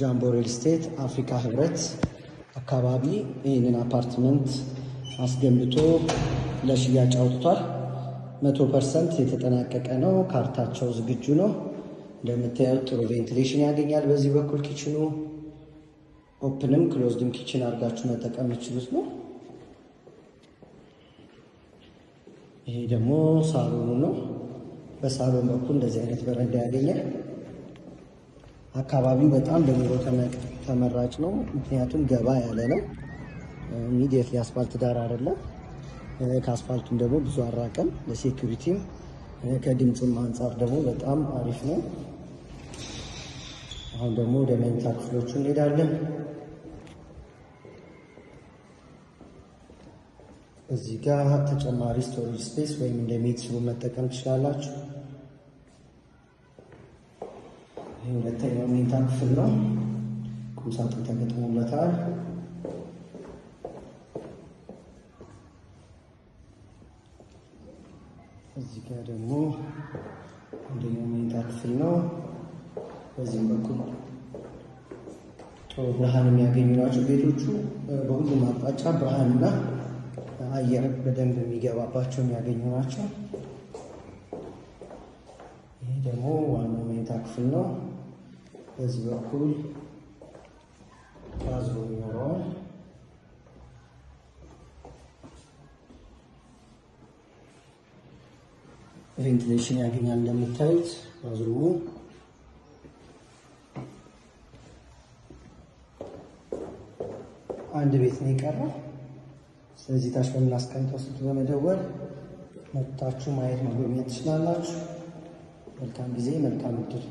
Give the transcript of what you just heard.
ጃምቦ ሪል ስቴት አፍሪካ ህብረት አካባቢ ይህንን አፓርትመንት አስገንብቶ ለሽያጭ አውጥቷል። መቶ ፐርሰንት የተጠናቀቀ ነው። ካርታቸው ዝግጁ ነው። እንደምታየው ጥሩ ቬንቲሌሽን ያገኛል። በዚህ በኩል ኪችኑ ኦፕንም ክሎዝድም ኪችን አድርጋችሁ መጠቀም የምችሉት ነው። ይሄ ደግሞ ሳሎኑ ነው። በሳሎን በኩል እንደዚህ አይነት በረንዳ ያገኛል። አካባቢው በጣም በኑሮ ተመራጭ ነው። ምክንያቱም ገባ ያለ ነው። ኢሚዲየትሊ አስፋልት ዳር አይደለም። ከአስፋልቱም ደግሞ ብዙ አራቀም። ለሴኩሪቲም ከድምፅም አንጻር ደግሞ በጣም አሪፍ ነው። አሁን ደግሞ ወደ መኝታ ክፍሎቹ እንሄዳለን። እዚህ ጋር ተጨማሪ ስቶሬጅ ስፔስ ወይም እንደ ሜትስሩ መጠቀም ትችላላችሁ። ይህ ሁለተኛው መኝታ ክፍል ነው። ቁምሳጥን ተገጥሞለታል። እዚህ ጋር ደግሞ አንደኛው መኝታ ክፍል ነው። በዚህም በኩል ጥሩ ብርሃን የሚያገኙ ናቸው ቤቶቹ። በሁሉም አቅጣጫ ብርሃንና አየር በደንብ የሚገባባቸው የሚያገኙ ናቸው። ይህ ደግሞ ዋናው መኝታ ክፍል ነው። በዚህ በኩል ያዞ ይኖረዋል። ቬንቲሌሽን ያገኛል። እንደምታዩት አዝሩ አንድ ቤት ነው የቀረው። ስለዚህ ታች በምናስቀምጠው ስልክ በመደወል መታችሁ ማየት መጎብኘት ትችላላችሁ። መልካም ጊዜ፣ መልካም እድል